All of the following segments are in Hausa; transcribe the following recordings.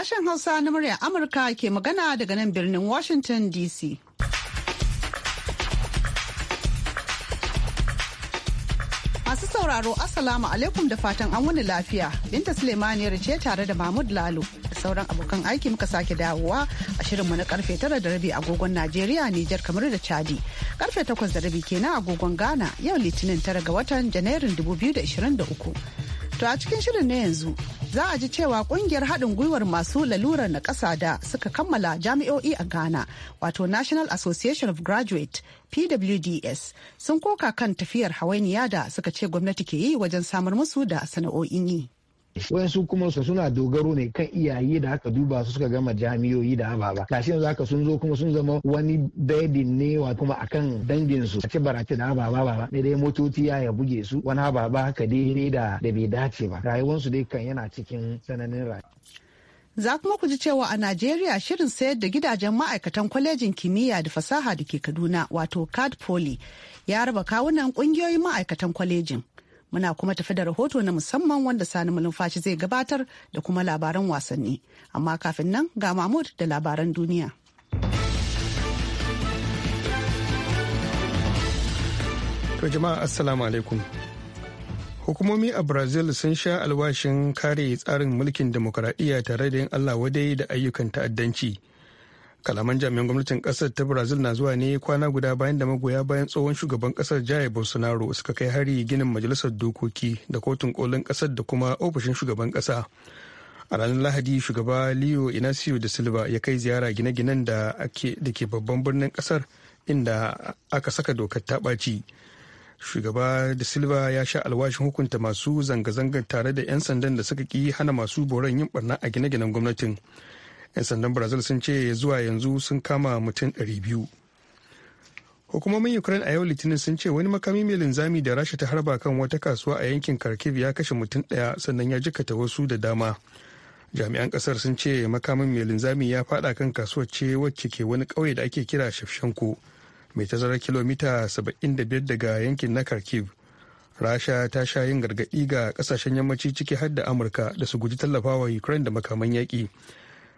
Sashen Hausa na muryar Amurka ke magana daga nan birnin Washington DC. Masu sauraro Assalamu alaikum da fatan an wani lafiya. Binta Sulemaniyar ce tare da Mahmud Lalo da sauran abokan aiki muka sake dawowa a shirinmu na karfe tara da rabi agogon Najeriya, Nijar kamar da Chadi. Karfe takwas da rabi kenan agogon Ghana yau Litinin tara ga watan Janairun 2023. To a cikin shirin na yanzu za a ji cewa kungiyar haɗin gwiwar masu lalurar na ƙasa da suka kammala jami'o'i a Ghana wato National Association of Graduate PWDS sun koka kan tafiyar hawainiya da suka ce gwamnati ke yi wajen samar musu da sana'o'in yi. wayansu kuma su suna dogaro ne kan iyaye da aka duba su suka gama jami'oyi da ababa kashi yanzu haka sun zo kuma sun zama wani bedin ne wa kuma akan dangin su ce barace da ababa ba ne dai motoci ya buge su wani ababa haka dai da da bai dace ba rayuwarsu dai kan yana cikin tsananin rayuwa Za kuma ku ji cewa a Najeriya shirin sayar da gidajen ma'aikatan kwalejin kimiyya da fasaha da ke Kaduna wato CAD Poly ya raba kawunan kungiyoyin ma'aikatan kwalejin. Muna kuma tafi da rahoto na musamman wanda Sani Mulumfashi zai gabatar da kuma labaran wasanni. Amma kafin nan ga Mahmud da labaran duniya. To jama'a assalamu alaikum. Hukumomi a Brazil sun sha alwashin kare tsarin mulkin demokuraɗiyya tare da yin Allah wadai da ayyukan ta'addanci. kalaman jami'an gwamnatin kasar ta brazil na zuwa ne kwana guda bayan da magoya bayan tsohon shugaban kasar jihar bolsonaro suka kai hari ginin majalisar dokoki da kotun kolin kasar da kuma ofishin shugaban kasa a ranar lahadi shugaba leo inacio da silva ya kai ziyara gine-ginen da ke babban birnin kasar inda aka saka dokar ta ɓaci shugaba da silva ya sha alwashin hukunta masu zanga-zangar tare da 'yan sandan da suka ki hana masu boron yin barna a gine-ginen gwamnatin 'yan sandan brazil sun ce zuwa yanzu sun kama mutum 200 hukumomin ukraine a yau litinin sun ce wani makami mai linzami da rasha ta harba kan wata kasuwa a yankin kharkiv ya kashe mutum daya sannan ya jikata wasu da dama jami'an kasar sun ce makamin mai linzami ya fada kan kasuwar ce wacce ke wani kauye da ake kira shafshanko mai tazarar kilomita 75 daga yankin na kharkiv rasha ta sha yin gargaɗi ga kasashen yammaci ciki har da amurka da su guji tallafawa ukraine da makaman yaki.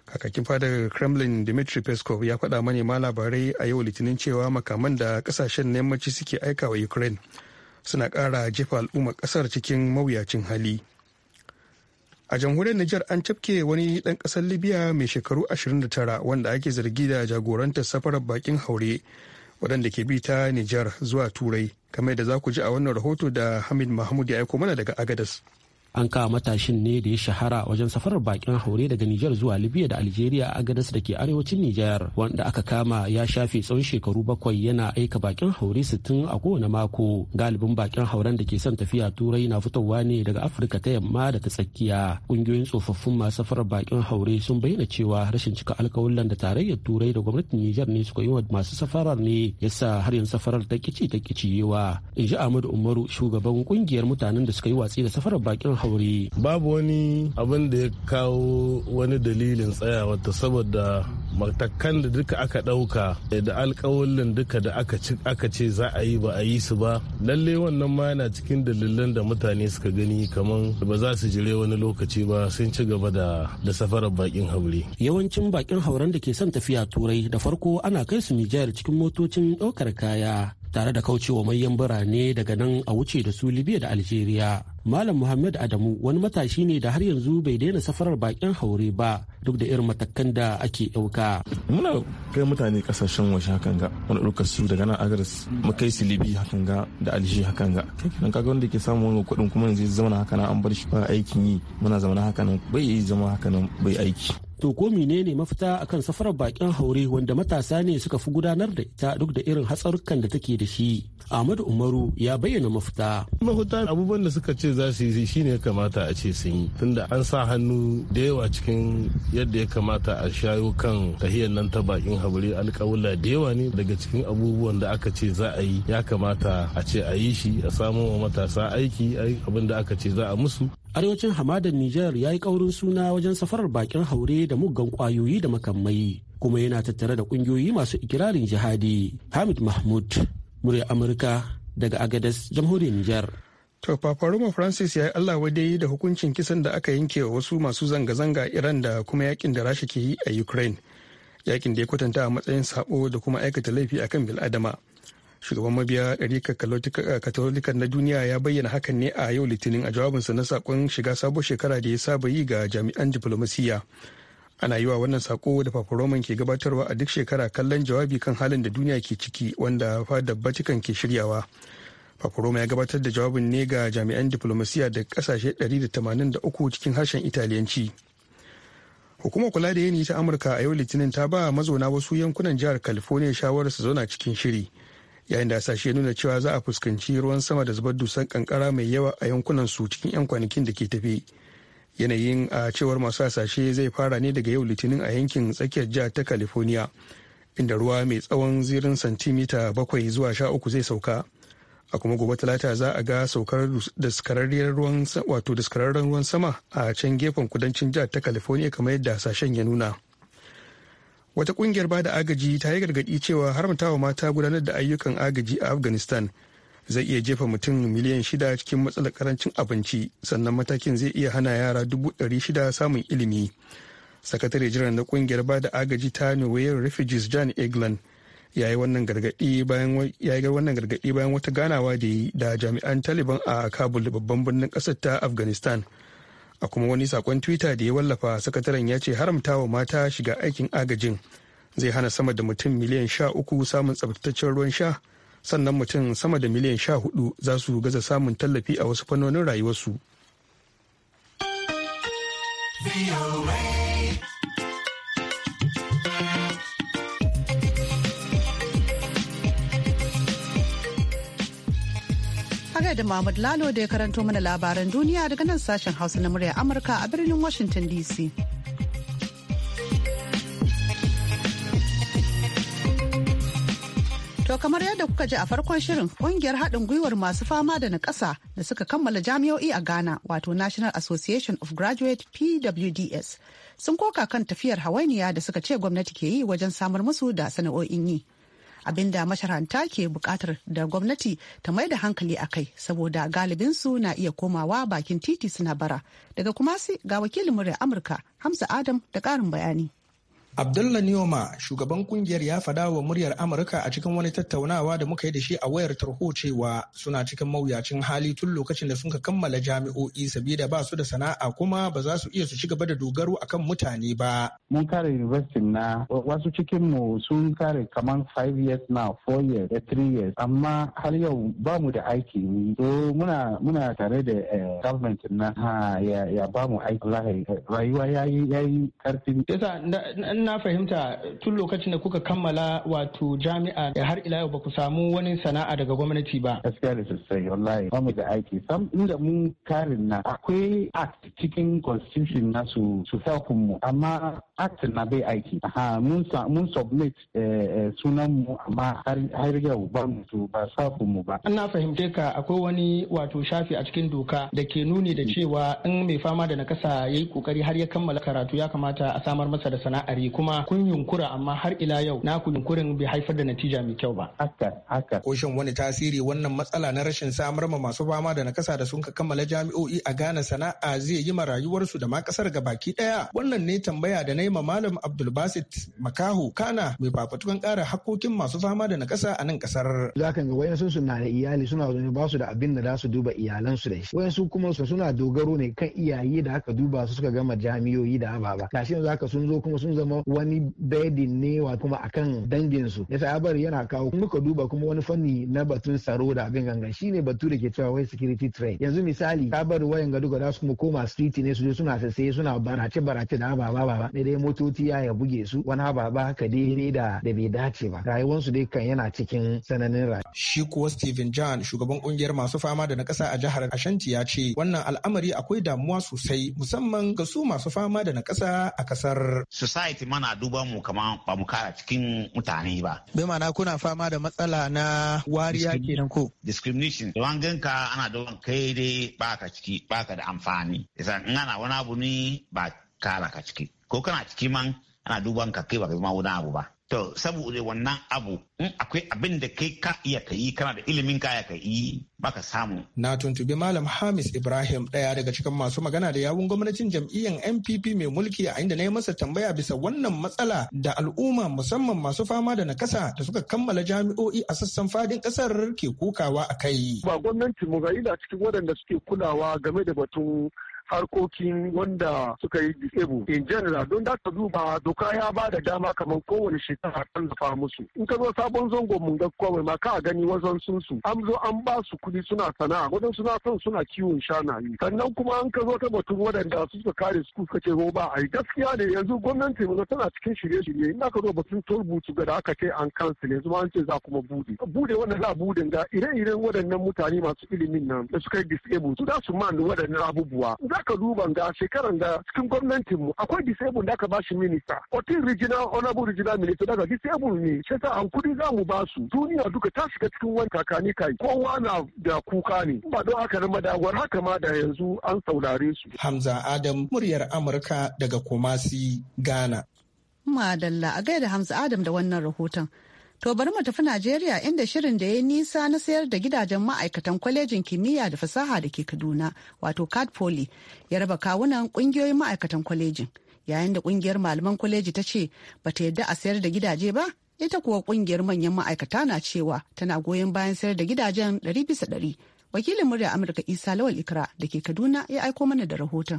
kakakin fadar kremlin dmitry peskov ya faɗa manema labarai a yau litinin cewa makaman da kasashen nemanci suke aika wa ukraine suna kara jefa al'ummar ƙasar cikin mawuyacin hali a jamhuriyar niger an cafke wani ɗan ƙasar libya mai shekaru 29 wanda ake zargi da jagorantar safarar bakin haure waɗanda ke bi ta niger zuwa turai kamar da za ku ji a wannan rahoto da hamid mahmud ya aiko mana daga agadas an kawo matashin ne da ya shahara wajen safarar bakin haure daga Nijar zuwa Libya da Algeria a Agadas da ke arewacin Nijar wanda aka kama ya shafe tsawon shekaru bakwai yana aika bakin haure sittin a kowane mako galibin bakin hauren da ke son tafiya turai na fitowa ne daga Afirka ta yamma da ta tsakiya kungiyoyin tsofaffin masu safarar bakin haure sun bayyana cewa rashin cika alkawullan da tarayyar turai da gwamnatin Nijar ne suka yi wa masu safarar ne yasa har yanzu safarar ta kici ta kiciyewa in ji Ahmadu Umaru shugaban kungiyar mutanen da suka yi watsi da safarar bakin haure babu wani abin da ya kawo wani dalilin tsayawa ta saboda matakan da duka aka ɗauka da alkawalin duka da aka ce za a yi ba a yi su ba lalle wannan ma yana cikin dalilan da mutane suka gani kamar ba za su jire wani lokaci ba sun ci gaba da da safarar bakin haure yawancin bakin hauren da ke son tafiya turai da farko ana kai su nijar cikin motocin ɗaukar kaya tare da kaucewa manyan birane daga nan a wuce da su libya da algeria malam muhammad adamu wani matashi ne da har yanzu bai daina safarar bakin haure ba duk da irin matakan da ake ɗauka. muna kai mutane kasashen waje hakan ga wani ɗaukar su daga nan agaris makai su libya hakan ga da alji hakan ga nan kaga wanda ke samun wani kuɗin kuma yanzu zama haka nan an bar shi ba aikin yi muna zama haka nan bai yi zama haka nan bai aiki To ko menene mafita akan safarar bakin haure wanda matasa ne suka fi gudanar da ita duk da irin hatsarukan da take da shi. Ahmadu Umaru ya bayyana mafita. Mafita abubuwan da suka ce za su yi shine ya kamata a ce sun yi tunda an sa hannu da yawa cikin yadda ya kamata a shayo kan tahiyar nan ta bakin haure alƙawula da yawa ne daga cikin abubuwan da aka ce za a yi ya kamata a ce a yi shi a samo wa matasa aiki abin da aka ce za a musu arewacin hamadar Nijar ya yi ƙaurin suna wajen safarar bakin haure da muggan kwayoyi da makamai kuma yana tattare da ƙungiyoyi masu ikirarin jihadi. Hamid Mahmud, murya Amurka daga agadas jamhuriyar Nijar. To Paparoma Francis ya yi Allah wadai da hukuncin kisan da aka yanke wa wasu masu zanga-zanga Iran da kuma yakin da Rasha ke yi a Ukraine. Yakin da ya kwatanta a matsayin sabo da kuma aikata laifi akan bil'adama. shugaban mabiya ɗarikar katolika eh, na duniya ya bayyana hakan ne a yau litinin a jawabinsa na sakon shiga sabuwar shekara da ya saba yi ga jami'an diflomasiyya ana yi wa wannan sako da fafaroman ke gabatarwa a duk shekara kallon jawabi kan halin da duniya ke ciki wanda fadar vatican ke shiryawa fafaroma ya gabatar da jawabin ne ga jami'an diflomasiyya da kasashe 183 cikin harshen italiyanci hukumar kula da yanayi ta amurka a yau litinin ta ba mazauna wasu yankunan jihar california shawarar su zauna cikin shiri yayin da hasashe nuna cewa za a fuskanci ruwan sama da zubar dusar kankara mai yawa a yankunan su cikin 'yan kwanakin da ke tafi yanayin a cewar masu hasashe zai fara ne daga yau litinin a yankin tsakiyar jihar ta california inda ruwa mai tsawon zirin santimita bakwai zuwa sha uku zai sauka a kuma gobe talata za a ga saukar daskararriyar ruwan wato daskararren ruwan sama a can gefen kudancin jihar ta california kamar yadda hasashen ya nuna wata kungiyar bada agaji ta yi gargadi cewa haramtawa mata gudanar da ayyukan agaji a afghanistan zai iya jefa mutum miliyan shida cikin matsalar karancin abinci sannan matakin zai iya hana yara dubu ɗari shida samun ilimi sakatare jiran na kungiyar bada agaji ta norwegian refugees john england ya yi wannan gargadi bayan wata ganawa da yi da jami'an taliban a kabul babban birnin ƙasar ta afghanistan a kuma wani sakon twitter da ya wallafa sakataren ya ce "Haramta wa mata shiga aikin agajin zai hana sama da mutum miliyan sha uku samun tsabtataccen ruwan sha sannan mutum sama da miliyan sha hudu za su gaza samun tallafi a wasu fannonin rayuwarsu. tare da Mahmud Lalo da ya karanto mana labaran duniya daga nan sashen Hausa na murya Amurka a birnin Washington DC. To kamar yadda kuka ji a farkon shirin kungiyar haɗin gwiwar masu fama da ƙasa da suka kammala jami'o'i a Ghana wato National Association of Graduate PWDS sun koka kan tafiyar hawainiya da suka ce gwamnati ke yi wajen samar musu da sana'o'in yi. abinda masharanta ke bukatar da gwamnati ta mai da hankali a kai saboda galibinsu na iya komawa bakin titi suna bara daga kumasi ga wakilin murya amurka hamza adam da karin bayani Abdulla Nioma, shugaban kungiyar ya faɗa wa muryar Amurka a cikin wani tattaunawa da muka yi da shi a wayar tarho cewa suna cikin mawuyacin hali tun lokacin da suka kammala jami'o'i sabida ba su da sana'a kuma ba za su iya su ci gaba da dogaro kan mutane ba. Mun kare university na wasu cikin mu sun kare kamar 5 years na 4 years, 3 eh, years, amma har yau ba mu da aiki To So muna muna tare da eh, government na ya ba mu aiki rayuwa yayi yayi karfin. na fahimta tun lokacin da kuka kammala wato jami'a da eh, har ila yau ba ku samu wani sana'a daga gwamnati ba. Gaskiya da sosai wallahi ba mu da aiki sam inda mun karin na akwai act cikin constitution na su sa mu amma act na bai aiki. Aha mun submit eh, eh, sunan mu amma har yau ba mu su ba safin mu ba. na fahimce ka akwai wani wato shafi a cikin doka da ke nuni da cewa in mai fama da nakasa ya yi kokari har ya kammala karatu ya kamata a samar masa da sana'ar yi kuma kun yunkura amma har ila yau na ku yunkurin bai haifar da natija mai kyau ba. Haka haka. Ko shin wani tasiri wannan matsala na rashin samar ma masu fama da nakasa da sun ka kammala jami'o'i a Ghana sana'a zai yi ma rayuwarsu da ma kasar baki daya. Wannan ne tambaya da na yi ma Malam Abdulbasit Makahu Kana mai fafatukan kara hakokin masu fama da nakasa a nan kasar. Za ka ga wayansu na da iyali suna zaune ba su da abin da za su duba iyalansu da shi. Wayansu kuma su suna dogaro ne kan iyaye da aka duba su suka gama jami'o'i da ababa. Gashi yanzu haka sun zo kuma sun zama wani bedin ne wa kuma akan dangin su yasa ya bari yana kawo kuma ka duba kuma wani fanni na batun tsaro da abin ganga shine batu da ke cewa wai security train. yanzu misali ka bari wayan ga duka da su kuma koma street ne su je suna sase suna barace barace da ba ba ne dai motoci ya ya buge su wani ababa ka haka dai da da bai dace ba rayuwar su dai kan yana cikin sananin rayuwa shi kuwa Stephen John shugaban kungiyar masu fama da na kasa a jihar Ashanti ya ce wannan al'amari akwai damuwa sosai musamman ga su masu fama da na kasa a kasar society mana duba mu kama ba mu kara cikin mutane ba. Bai mana kuna fama da matsala na wariya kenan ko? Discrimination. Da ganka ana da kai dai ka ciki ba ka da amfani. Isa in ana wani abu ni ba kara ka ciki. Ko kana ciki man ana duban ka kai ba ka zama wani abu ba. To saboda wannan abu in akwai abin da kai ka iya ka yi kana da ilimin ka ya ka yi baka samu. Na tuntubi Malam Hamis Ibrahim ɗaya daga cikin masu magana da yawun gwamnatin jam'iyyar NPP mai mulki a inda na yi masa tambaya bisa wannan matsala da al'umma musamman masu fama da nakasa da suka kammala jami'o'i a sassan fadin ƙasar ke kokawa a kai. Ba gwamnati mu ga cikin waɗanda suke kulawa game da batun harkokin wanda suka yi disable in general don da ka duba doka ya ba da dama kamar kowane shekara zafa musu in ka zo sabon zango mun ga kawai ma ka gani wajen sun su an zo an ba su kuɗi suna sana'a wajen suna son suna kiwon shanaye sannan kuma an ka zo ta batun waɗanda suka kare su suka ce ba a gaskiya ne yanzu gwamnati mu tana cikin shirye-shirye in ka zo batun turbutu ga da aka ce an kansile yanzu an ce za kuma bude bude wannan za bude da ire-iren waɗannan mutane masu ilimin nan da suka yi disable su da su man waɗannan abubuwa za ka duba ga shekaran da cikin gwamnatin mu akwai disabled da aka ba shi minista otin regional honorable regional minister daga disabled ne sai sa an kudi za mu ba su duniya duka ta shiga cikin wani kakani kai kowa na da kuka ne ba don haka na madawar haka ma da yanzu an saurare su hamza adam muryar amurka daga kumasi ghana madalla a gaida hamza adam da wannan rahoton To bari mu tafi Najeriya inda shirin da ya nisa na sayar da gidajen ma'aikatan kwalejin kimiyya da fasaha da ke Kaduna wato CAD Poly ya raba kawunan kungiyoyin ma'aikatan kwalejin. Yayin da kungiyar malaman kwaleji ta ce bata yadda a sayar da gidaje ba, ita kuwa kungiyar manyan ma'aikata na cewa tana goyon bayan sayar da gidajen ɗari bisa ɗari. Wakilin murya Amurka Isa Lawal Ikra da ke Kaduna ya aiko mana da rahoton.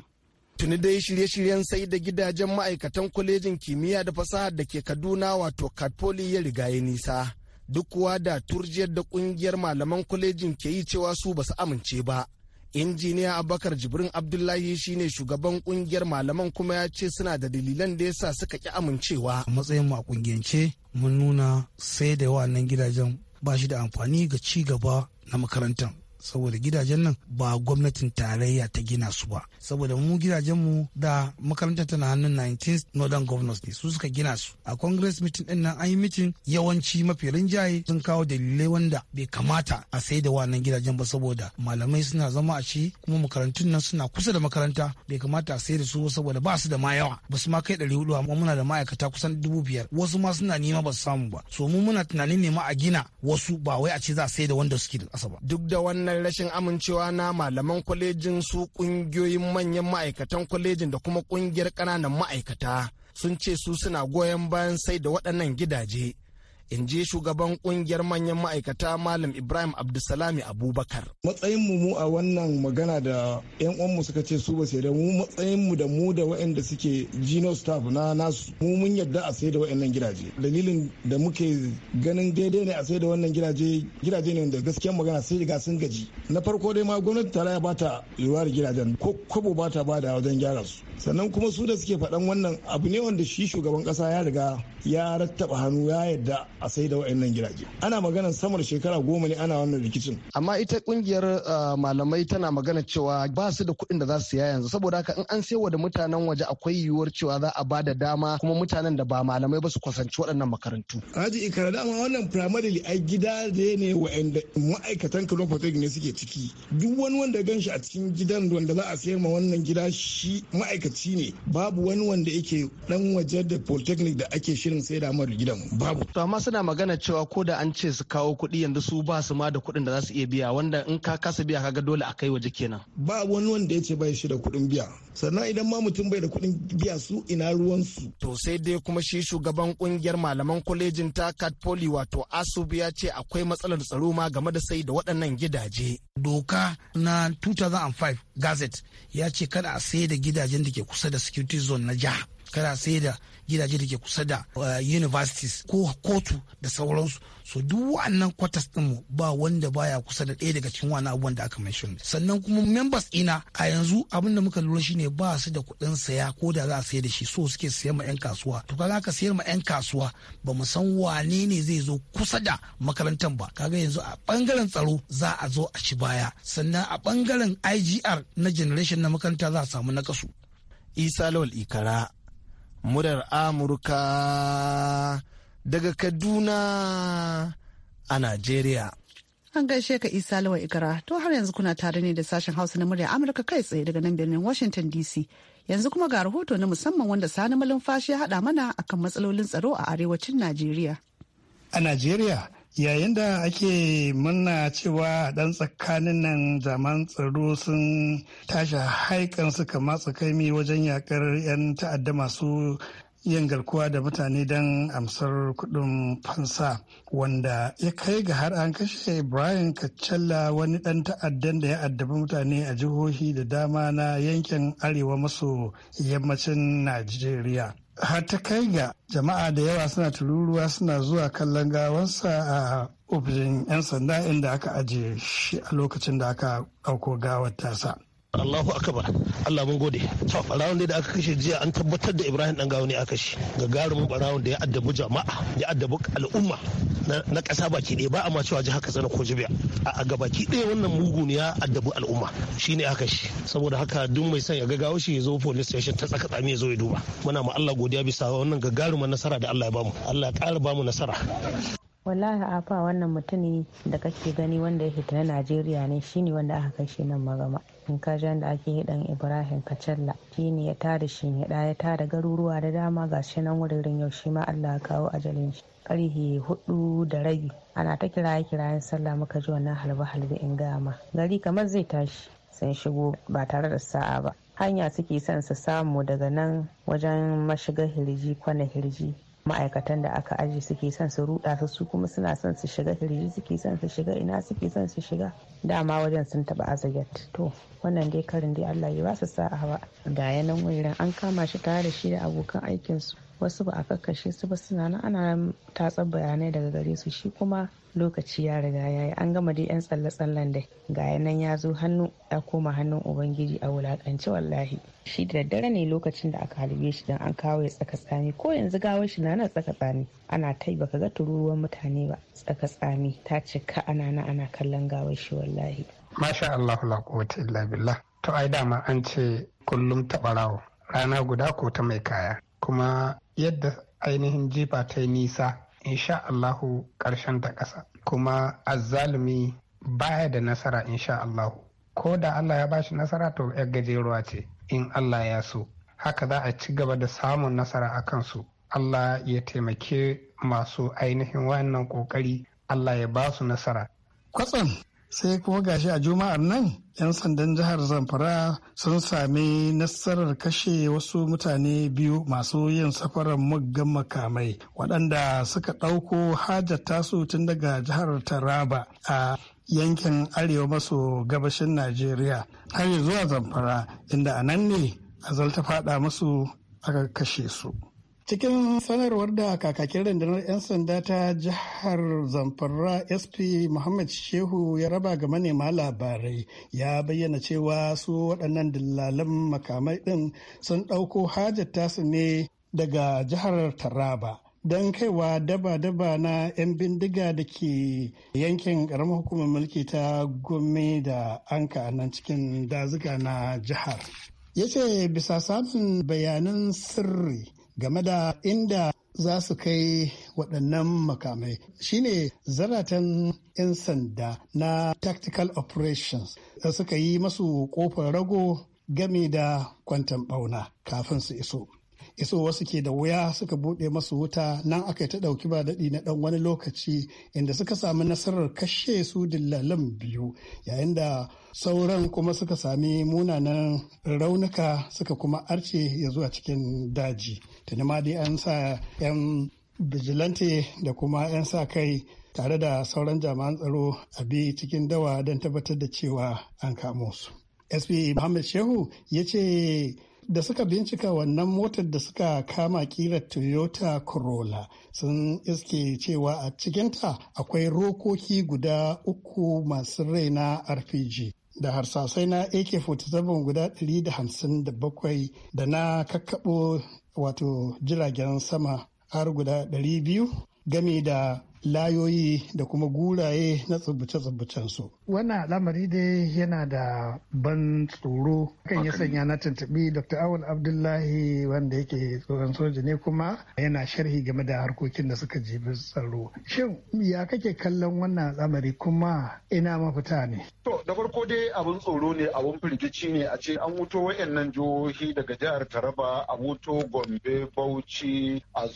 tuni dai shirye-shiryen sai da gidajen ma'aikatan kwalejin kimiyya da fasahar da ke kaduna wato katfoli ya riga ya nisa duk kuwa da turjiyar da kungiyar malaman kwalejin ke yi cewa su basu amince ba injiniya abakar jibrin abdullahi shine shugaban kungiyar malaman kuma ya ce suna da dalilan da yasa suka ki amincewa matsayin mu a kungiyance mun nuna sai da wannan gidajen ba shi da amfani ga ci gaba na makarantar saboda gidajen nan ba gwamnatin tarayya ta gina su ba saboda mu gidajen mu da makarantar tana hannun 19 th northern governors ne su suka gina su a congress meeting din nan an yi meeting yawanci mafi rinjaye sun kawo dalilai wanda bai kamata a sai da wannan gidajen ba saboda malamai suna zama a ci kuma makarantun nan suna kusa da makaranta bai kamata a sai da su saboda ba su da ma yawa ba su ma kai 400 hudu amma muna da ma'aikata kusan dubu biyar wasu ma suna nema ba su samu ba so mu muna tunanin ne ma a gina wasu ba wai a ce za a sai da wanda suke da ƙasa duk da wannan maganar rashin amincewa na malaman kwalejin su kungiyoyin manyan ma'aikatan kwalejin da kuma kungiyar ƙananan ma'aikata sun ce su suna goyon bayan sai da waɗannan gidaje in ji shugaban kungiyar manyan ma'aikata malam ibrahim abdulsalami abubakar matsayinmu mu a wannan magana da yan uwanmu suka ce su ba sai da mu matsayinmu da mu da waɗanda suke gino staff na nasu mu mun yadda a sai da waɗannan gidaje dalilin da muke ganin daidai ne a sai da wannan gidaje gidaje ne wanda gaskiya magana sai riga sun gaji na farko dai ma gwamnati ta ba ta yiwuwar gidajen ko kwabo ba ta ba da wajen gyara su sannan kuma su da suke faɗan wannan abu ne wanda shi shugaban ƙasa ya riga ya rattaba hannu ya yadda a sai da wa'annan gidaje ana maganar samar shekara goma ne ana wannan rikicin amma ita kungiyar uh, malamai tana magana cewa ba su da kuɗin da za su yanzu saboda haka in an wa da mutanen waje akwai yiwuwar cewa za a ba da dama kuma mutanen da ba malamai ba su kwasanci waɗannan makarantu haji ikara dama wannan primarily ai gida da ne wa'anda ma'aikatan kano protect ne suke ciki duk wani wanda gan shi a cikin gidan wanda za a sayar ma wannan gida shi ma'aikatan ne babu wani wanda yake dan waje da polytechnic da ake shirin sai da mar gidan babu to amma suna magana cewa ko da an ce su kawo kuɗi yanzu su ba su ma da kuɗin da za su iya biya wanda in ka kasa biya kaga dole a kai waje kenan babu wani wanda ya ce bai shi da kuɗin biya sannan idan ma mutum bai da kuɗin biya su ina ruwansu. To sai dai kuma shi shugaban kungiyar malaman kwalejin ta Katpoli wato Asub ya ce akwai matsalar tsaro ma game da sai da waɗannan gidaje. Doka na 2005 Gazette ya ce kada a sai da gidajen da ke kusa da security zone na jiha. kana sai da gidaje da ke kusa da eh, universities ko kotu da sauransu so duk wa'annan kwatas mu ba wanda baya kusa da ɗaya daga cikin wani abubuwan da aka mention sannan kuma members ina a yanzu abin da muka lura shine ba su da kuɗin saya ko da za a sayar da shi so suke sayar ma 'yan kasuwa to kaga ka sayar ma 'yan kasuwa ba mu san wane ne zai zo kusa da makarantar ba kaga yanzu a bangaren tsaro za a zo a ci baya sannan a bangaren IGR na generation na makaranta za a samu nakasu. Isa Lawal Ikara murar Amurka daga Kaduna a Najeriya. An gaishe ka Isa Lawa Ikara, to har yanzu kuna tare ne da sashen Hausa na murya Amurka kai tsaye daga nan birnin Washington DC. Yanzu kuma ga rahoto na musamman wanda Sani Malumfashi ya haɗa mana akan matsalolin tsaro a arewacin Najeriya. A Najeriya yayin da ake murna cewa dan tsakanin nan zaman tsaro sun tashi haikan suka matsa kaimi wajen yakar 'yan ta'adda masu yin garkuwa da mutane don amsar kudin fansa wanda ya kai ga har an kashe brian kacalla wani dan ta'addan da ya addabi mutane a jihohi da dama na yankin arewa maso yammacin najeriya har ta kai ga jama'a da yawa suna tururuwa suna zuwa kallon gawansa a ofishin 'yan sanda inda aka ajiye shi a lokacin da aka auko gawar tasa Allahu akbar Allah mun gode to barawon da aka kashe jiya an tabbatar da Ibrahim dan gawo ne aka kashe gagarumin barawon da ya addabi jama'a ya addabi al'umma na ƙasa baki ɗaya ba a ma cewa haka Katsina ko Jibiya a gabaki ɗaya wannan mugu ne ya addabi al'umma shine aka shi saboda haka duk mai son ya ga gawo shi ya zo police station ta tsaka tsami ya zo ya duba muna ma Allah godiya bisa wannan gagarumin nasara da Allah ya bamu Allah ya ƙara bamu nasara wallahi afa wannan mutumi da kake gani wanda ya fita na najeriya ne shine wanda aka kai shi nan magama in ka ji da ake hidan ibrahim kacalla shine ya tada shi ya da ya tada garuruwa da dama ga shi nan wurin yau shi ma allah ya kawo ajalin shi karhe hudu da rabi ana ta kiraye kirayen sallah muka ji wannan halbe halbe in gama gari kamar zai tashi sun shigo ba tare da sa'a ba hanya suke son su samu daga nan wajen mashigar hirji kwana hirji ma'aikatan da aka aji suke son su ruɗa su su kuma suna son su shiga hirji suke son su shiga ina suke son su shiga dama wajen sun taɓa azaget to wannan dai karin dai Allah ya su sa'a ba ga yanan wurin an kama shi tare da shi da abokan aikin su wasu ba a kakkashe su ba suna nan ana tatsar bayanai daga gare su shi kuma lokaci ya riga ya yi an gama dai yan tsalle-tsallen da ga nan ya zo hannu ya koma hannun ubangiji a wulakanci wallahi shi da daddare ne lokacin da aka halbe shi don an kawo ya tsaka tsami ko yanzu gawar shi na nan tsaka tsami ana tai baka ga tururuwan mutane ba tsaka tsami ta cika ana na ana kallon gawar shi wallahi masha Allah la quwwata illa billah to ai dama an ce kullum ta barawo rana guda ko ta mai kaya kuma yadda ainihin jifa ta nisa insha Allahu ƙarshen ta ƙasa kuma azzalumi baya da nasara insha Allahu ko da Allah ya bashi nasara to yar gajeruwa ce in Allah ya so haka za a ci gaba da samun nasara a kansu Allah ya taimake masu ainihin wannan ƙoƙari Allah ya ba su nasara. Kwatsam sai kuma gashi a juma'ar nan 'yan sandan jihar zamfara sun sami nasarar kashe wasu mutane biyu masu yin safarar muggan makamai waɗanda suka ɗauko hajjata su tun daga jihar taraba a yankin arewa maso gabashin najeriya har zuwa zamfara inda a nan ne azal ta fada musu aka kashe su. cikin sanarwar da kakakin rundunar 'yan sanda ta jihar zamfara sp muhammad shehu ya raba ga manema labarai ya bayyana cewa su waɗannan dillalan makamai ɗin sun ɗauko hajar tasu ne daga jihar taraba don kaiwa daba-daba na 'yan bindiga da ke yankin ƙaramar hukumar mulki ta gome da anka nan cikin dazuka na jihar ya ce bisa samun bayanan sirri game da inda za su kai waɗannan makamai shine zaratan 'yan sanda na tactical operations da suka yi masu ƙofar rago game da kwantan ɓauna kafin su iso Iso wasu ke da wuya suka buɗe masu wuta nan aka ta ɗauki ba daɗi na ɗan wani lokaci inda suka sami nasarar kashe su dillalan biyu yayin da sauran kuma suka sami munanan raunuka suka kuma arce ya zuwa cikin daji tuni ma dai an sa 'yan bijilante da kuma 'yan sa kai tare da sauran jami'an tsaro a bi cikin dawa don tabbatar da cewa an kamo su. SP Muhammad Shehu ya ce da suka bincika wannan motar da suka kama kira toyota corolla sun iske cewa a cikinta akwai rokoki guda uku masu rai na rpg da harsasai na ak-47 guda 157 da na kakkaɓo wato jiragen sama har guda 200 gami da layoyi da kuma guraye na tsubuce-tsubucen su. Wannan al'amari dai yana da ban tsoro kan ya sanya na tuntuɓi Dr. Awul Abdullahi wanda yake tsoron soja ne kuma yana sharhi game da harkokin da suka jibi tsaro. Shin ya kake kallon wannan al'amari kuma ina mafita ne? To da farko dai abin tsoro ne abin firgici ne a ce an wuto wayannan jihohi daga jihar Taraba a wuto Gombe Bauchi a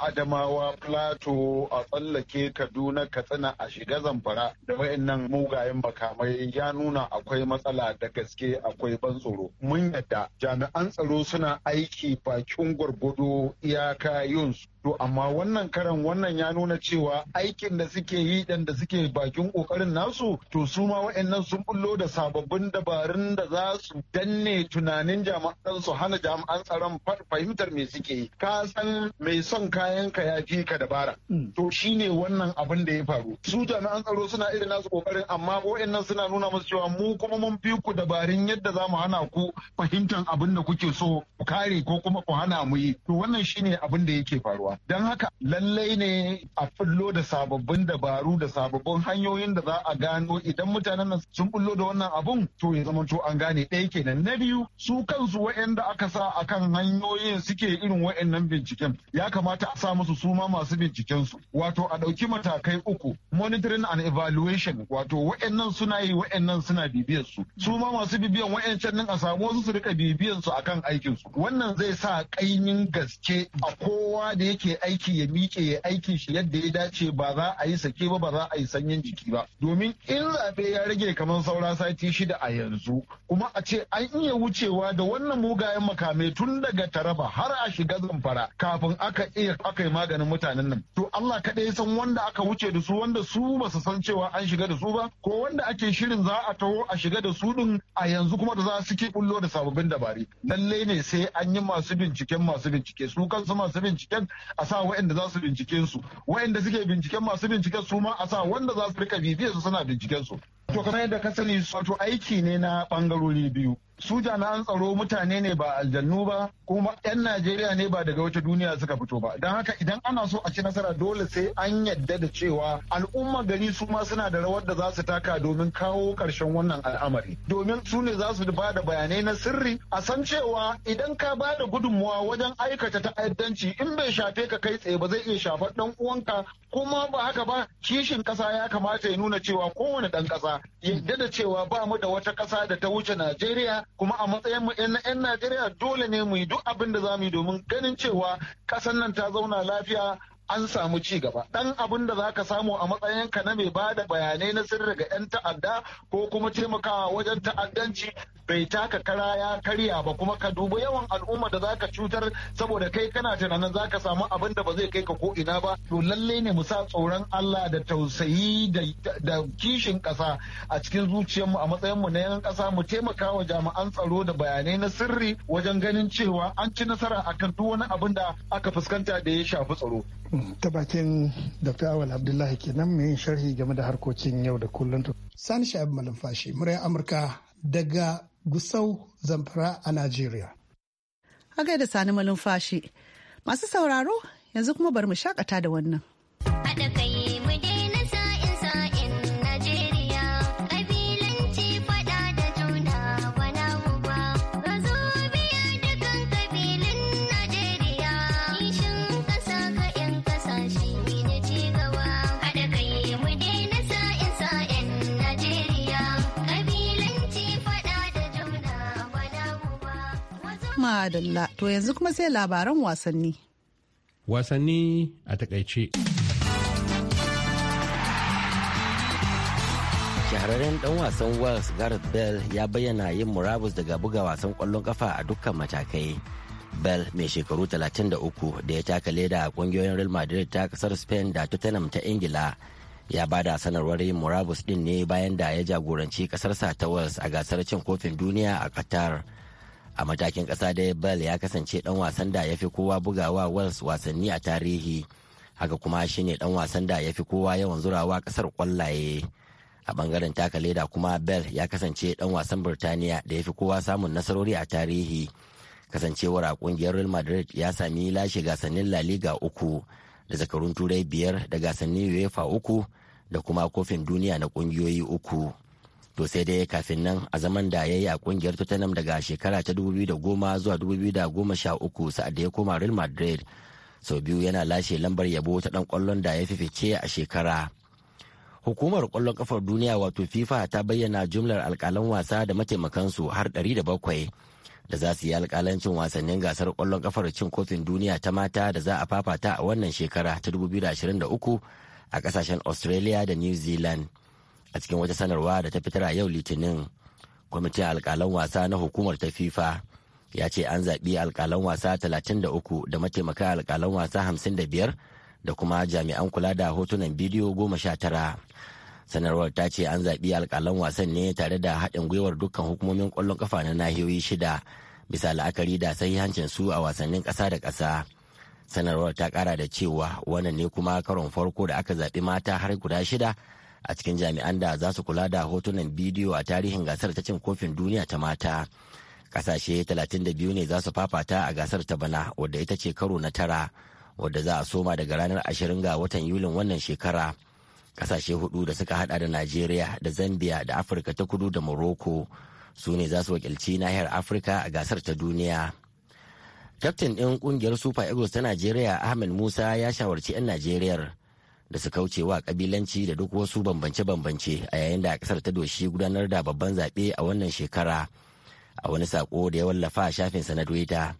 Adamawa Plateau a tsallake kaduna katsina a shiga zamfara da wayannan mugayen makamai ya nuna akwai matsala da gaske akwai ban tsoro mun yadda jami'an tsaro suna aiki bakin gwargwado iyaka yinsu To amma wannan karan wannan ya nuna cewa aikin da suke yi dan da suke bakin kokarin nasu to su ma wa'annan sun bullo da sababbin dabarun da za su danne tunanin jama'an su hana jami'an tsaron fahimtar me suke yi. Ka san mai son kayan ka ya fi ka dabara. Hmm. To shine wannan abin da ya faru. Su jami'an tsaro suna irin nasu kokarin amma wa'annan suna nuna musu cewa mu kuma mun fi ku dabarun yadda za mu hana ku fahimtar abin da kuke so ku kare ko kuma ku hana mu yi. To wannan shine abin da yake faruwa. kawowa don haka lallai ne a fullo da sababbin dabaru da sababbin hanyoyin da za a gano idan mutanen nan sun bullo da wannan abun to ya zama to an gane ɗaya kenan na biyu su kansu wa'anda aka sa a kan hanyoyin suke irin wa'annan binciken ya kamata a sa musu suma masu binciken su wato a ɗauki matakai uku monitoring and evaluation wato wa'annan suna yi wa'annan suna bibiyar su su ma masu bibiyan wa'ancan nan a samu wasu su rika bibiyan su akan aikin su wannan zai sa kainin gaske a kowa da yake yake aiki ya miƙe ya aikin shi yadda ya dace ba za a yi sake ba ba za a yi sanyin jiki ba domin in zaɓe ya rage kamar saura sati shida a yanzu kuma a ce an iya wucewa da wannan mugayen makamai tun daga taraba har a shiga zamfara kafin aka iya aka yi maganin mutanen nan to Allah kaɗai ya san wanda aka wuce da su wanda su ba su san cewa an shiga da su ba ko wanda ake shirin za a taho a shiga da su din a yanzu kuma da za su ke bullo da sababbin dabari lallai ne sai an yi masu binciken masu bincike su kansu masu binciken a sa waɗanda za su binciken su waɗanda suke binciken masu binciken su ma a sa wanda za su rika bibiyar su suna binciken su to kamar yadda ka sani su. wato aiki ne na bangarori biyu su jami'an tsaro mutane ne ba aljannu ba kuma 'yan najeriya ne ba daga wata duniya suka fito ba don haka idan ana so a ci nasara dole sai an yadda da cewa al'umma gani su ma suna da rawar da za su taka domin kawo karshen wannan al'amari domin su ne za su ba da bayanai na sirri a san cewa idan ka ba da gudunmuwa wajen aikata ta'addanci in bai shafe ka kai tsaye ba zai iya shafar dan uwanka kuma ba haka ba kishin kasa ya kamata ya nuna cewa kowane ɗan kasa. yadda da cewa ba mu da wata kasa da ta wuce najeriya kuma a matsayin mu yan Najeriya dole ne mu yi duk abin da za mu yi domin ganin cewa ƙasar nan ta zauna lafiya an samu ci gaba dan abin da zaka samu a matsayin ka na mai bada bayanai na sirri ga yan ta'adda ko kuma taimakawa wajen ta'addanci bai taka kara ya karya ba kuma ka duba yawan al'umma da zaka cutar saboda kai kana tunanin zaka samu abin da ba zai kai ka ko ina ba to lalle ne mu sa tsoron Allah da tausayi da kishin kasa a cikin zuciyarmu a matsayin mu na yan kasa mu taimakawa wa jami'an tsaro da bayanai na sirri wajen ganin cewa an ci nasara akan duk wani abin da aka fuskanta da ya shafi tsaro ta bakin dr awal abdullahi kenan mai sharhi game da harkokin yau da kullum sani sha'ib malumfashi muryar amurka daga gusau zamfara a najeriya a gaida sani malumfashi masu sauraro yanzu kuma bari mu shakata da wannan Madalla to yanzu kuma sai labaran wasanni. Wasanni a takaice. shahararren dan wasan wales gareth bell ya bayyana yin murabus daga buga wasan kwallon kafa a dukkan matakai bell mai shekaru 33 da ya taka leda a kungiyoyin real madrid ta kasar spain da tottenham ta ingila ya ba da sanarwar yin murabus din ne bayan da ya jagoranci kasarsa ta wales a gasar cin kofin duniya a qatar a matakin ƙasa da bell ya kasance dan wasan da ya fi kowa bugawa wales wasanni a tarihi haka kuma shine dan wasan da ya fi kowa yawan zurawa ƙasar kwallaye. a bangaren taka leda kuma bell ya kasance dan wasan birtaniya da ya fi kowa samun nasarori a tarihi kasancewar a kungiyar real madrid ya sami lashe gasannin la liga uku da zakarun turai biyar da gasannin uefa uku da kuma kofin duniya na kungiyoyi uku. to sai dai kafin nan a zaman da ya yi a kungiyar tottenham daga shekara ta 2010 zuwa 2013 sa'ad da ya koma real madrid sau biyu yana lashe lambar yabo ta dan kwallon da ya fifice a shekara hukumar kwallon kafar duniya wato fifa ta bayyana jumlar alkalan wasa da mataimakansu har 700 da za su yi alkalancin wasannin gasar kwallon kafar cin kofin duniya ta mata da za a fafata a wannan shekara ta 2023 a kasashen australia da new zealand a cikin wata sanarwa da ta fitar a yau litinin kwamitin alkalan wasa na hukumar ta fifa ya ce an zaɓi alkalan wasa 33 da mataimaka alkalan wasa 55 da kuma jami'an kula da hotunan bidiyo 19 sanarwar ta ce an zaɓi alkalan wasan ne tare da haɗin gwiwar dukkan hukumomin ƙwallon ƙafa na nahiyoyi shida bisa la'akari da sahihancin su a wasannin ƙasa da ƙasa sanarwar ta ƙara da cewa wannan ne kuma karon farko da aka zaɓi mata har guda shida a cikin jami'an da za su kula da hotunan bidiyo a tarihin gasar ta cin kofin duniya ta mata kasashe 32 ne za su fafata a gasar ta bana wadda ita ce karo na tara wadda za a soma daga ranar 20 ga watan yulin wannan shekara kasashe hudu da suka hada da najeriya da zambia da afirka ta kudu da morocco su ne za su wakilci nahiyar afirka a gasar ta duniya kaftin ɗin kungiyar super eagles ta najeriya ahmed musa ya shawarci 'yan najeriyar da su kauce wa kabilanci da duk wasu bambance-bambance a yayin da kasar ta doshi gudanar da babban zaɓe a wannan shekara a wani sako da ya wallafa a shafin na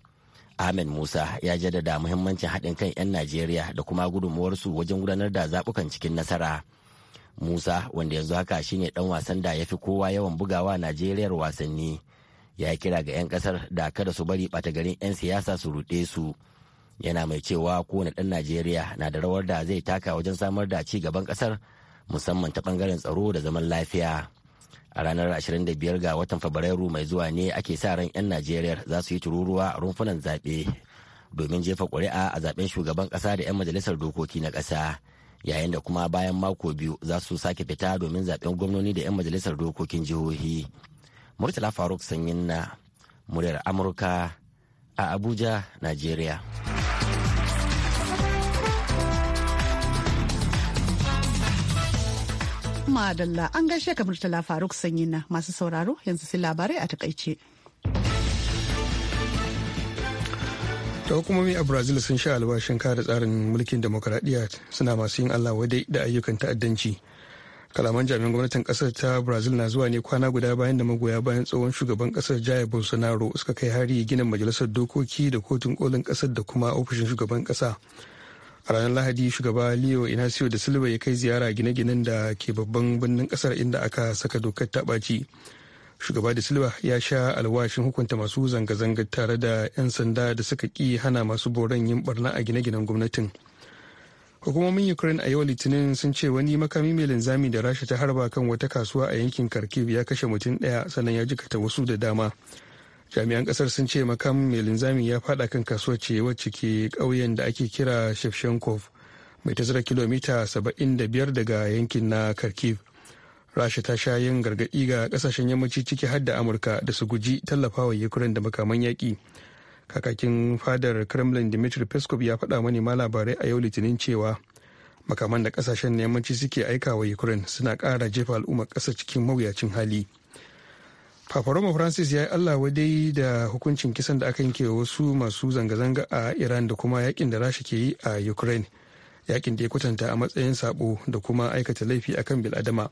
ahmed musa ya jaddada muhimmancin haɗin kan 'yan najeriya da kuma gudunmuwarsu wajen gudanar da zaɓukan cikin nasara musa wanda yanzu haka shine ɗan wasan da ya fi kowa yawan bugawa najeriyar wasanni ya kira ga 'yan ƙasar da kada su bari ɓata garin 'yan siyasa su ruɗe su yana mai cewa kowane ɗan najeriya na da rawar da zai taka wajen samar da ci gaban ƙasar musamman ta ɓangaren tsaro da zaman lafiya a ranar 25 ga watan fabrairu mai zuwa ne ake sa ran 'yan najeriya za su yi tururuwa a rumfunan zaɓe domin jefa ƙuri'a a zaɓen shugaban ƙasa da 'yan majalisar dokoki na ƙasa yayin da kuma bayan mako biyu za su sake fita domin zaɓen gwamnoni da 'yan majalisar dokokin jihohi murtala faruk sanyin na muryar amurka a abuja najeriya adalla an gaishe ka Murtala Faruk Sanyina masu sauraro yanzu sai labarai a takaice. Ta hukumomi a brazil sun sha albashin kare tsarin mulkin demokuraɗiyya suna masu yin allah wadai da ayyukan ta'addanci kalaman jami'an gwamnatin kasar ta brazil na zuwa ne kwana guda bayan da magoya bayan tsohon shugaban kasar Jair bolsonaro suka kai hari ginin majalisar dokoki da kotun kolin kasar da kuma ofishin shugaban kasa a ranar lahadi shugaba leo inacio da silva ya kai ziyara gine-ginen da ke babban birnin kasar inda aka saka dokar ta taɓaci shugaba da silva ya sha alwashin hukunta masu zanga-zanga tare da 'yan sanda da suka ki hana masu boron yin barna a gine-ginen gwamnatin hukumomin ukraine a yau litinin sun ce wani makami mai linzami da rasha ta harba kan wata kasuwa a yankin kharkiv ya kashe mutum ɗaya sannan ya jikata wasu da dama jami'an kasar sun ce makam mai linzamin ya fada kan kasuwar ce wacce ke ƙauyen da ake kira shevchenkov mai tazara kilomita 75 daga yankin na kharkiv rasha ta sha yin gargaɗi ga kasashen yammaci ciki har da amurka da su guji tallafawa ukraine da makaman yaki kakakin fadar kremlin dimitri peskov ya faɗa ma labarai a yau litinin cewa makaman da kasashen yammaci suke aika wa ukraine suna kara jefa al'ummar kasa cikin mawuyacin hali Paparoma Francis ya yi Allah wadai da hukuncin kisan da aka yanke wasu masu zanga-zanga a Iran da kuma yakin da Rasha ke yi a Ukraine. Yakin da ya kwatanta a matsayin sabo da kuma aikata laifi akan bil'adama.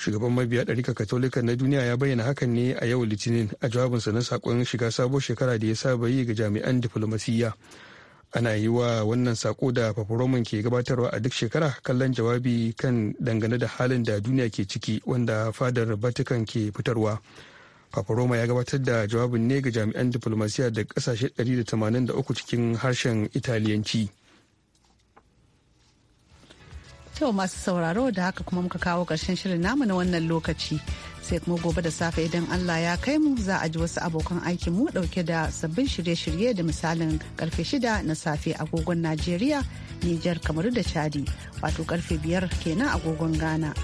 Shugaban mabiya ɗarika Katolika na duniya ya bayyana hakan ne a yau Litinin a jawabinsa na saƙon shiga sabuwar shekara da ya saba yi ga jami'an diflomasiyya. Ana yi wa wannan saƙo da Paparoman ke gabatarwa a duk shekara kallon jawabi kan dangane da halin da duniya ke ciki wanda fadar Vatican ke fitarwa. paparoma ya gabatar da jawabin ne ga jami'an diplomasiya da kasashe 183 cikin harshen italiyanci yau masu sauraro da haka kuma muka kawo karshen shirin namu na wannan lokaci sai kuma gobe da safe idan Allah ya kai mu za a ji wasu abokan aikin mu dauke da sabbin shirye-shirye da misalin karfe shida na safe agogon Najeriya, Nijar, Kamaru da Chadi wato karfe biyar kenan agogon Ghana.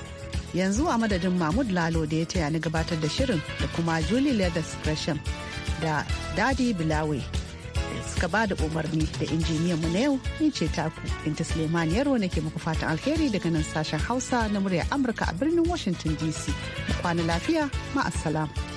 yanzu a madadin mahmud lalo da ya taya ni gabatar da shirin da kuma julie leather gresham da dadi bilawe suka ba da umarni da injiniyan mu na yau in ce taku inta suleiman yaro nake muku fatan alheri daga nan sashen hausa na muryar amurka a birnin washington dc kwana lafiya ma'assalam.